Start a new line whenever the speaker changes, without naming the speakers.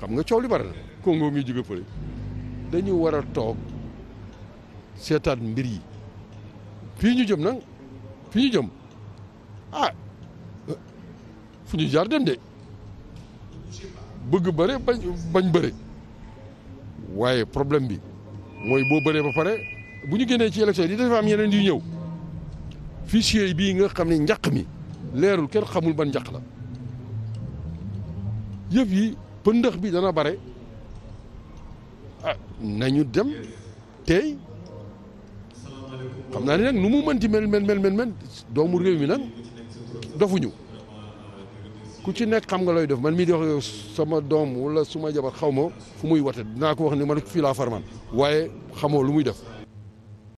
xam nga coow li bari na Congo mi jóge fële dañu war a toog seetaat mbir yi fii ñu jëm nag fii ñu jëm ah fu ñu jaar dem de bëgg bëre bañ bëre waaye problème bi mooy boo bëree ba pare bu ñu génnee ci élection yi dafa yeneen yu ñëw fichier bii nga xam ni njaq mi leerul kenn xamul ban njaq la yëf pëndëx bi dana bare ah nañu dem tey xam naa ne nag lu mu mënti mel mel mel mel doomu réew mi nag dofuñu ku ci nekk xam nga looy def man mii di wax sama doom wala suma jabar xaw ma fu muy wate dinaa ko wax ni ma fii laa man waaye
xamoo lu muy def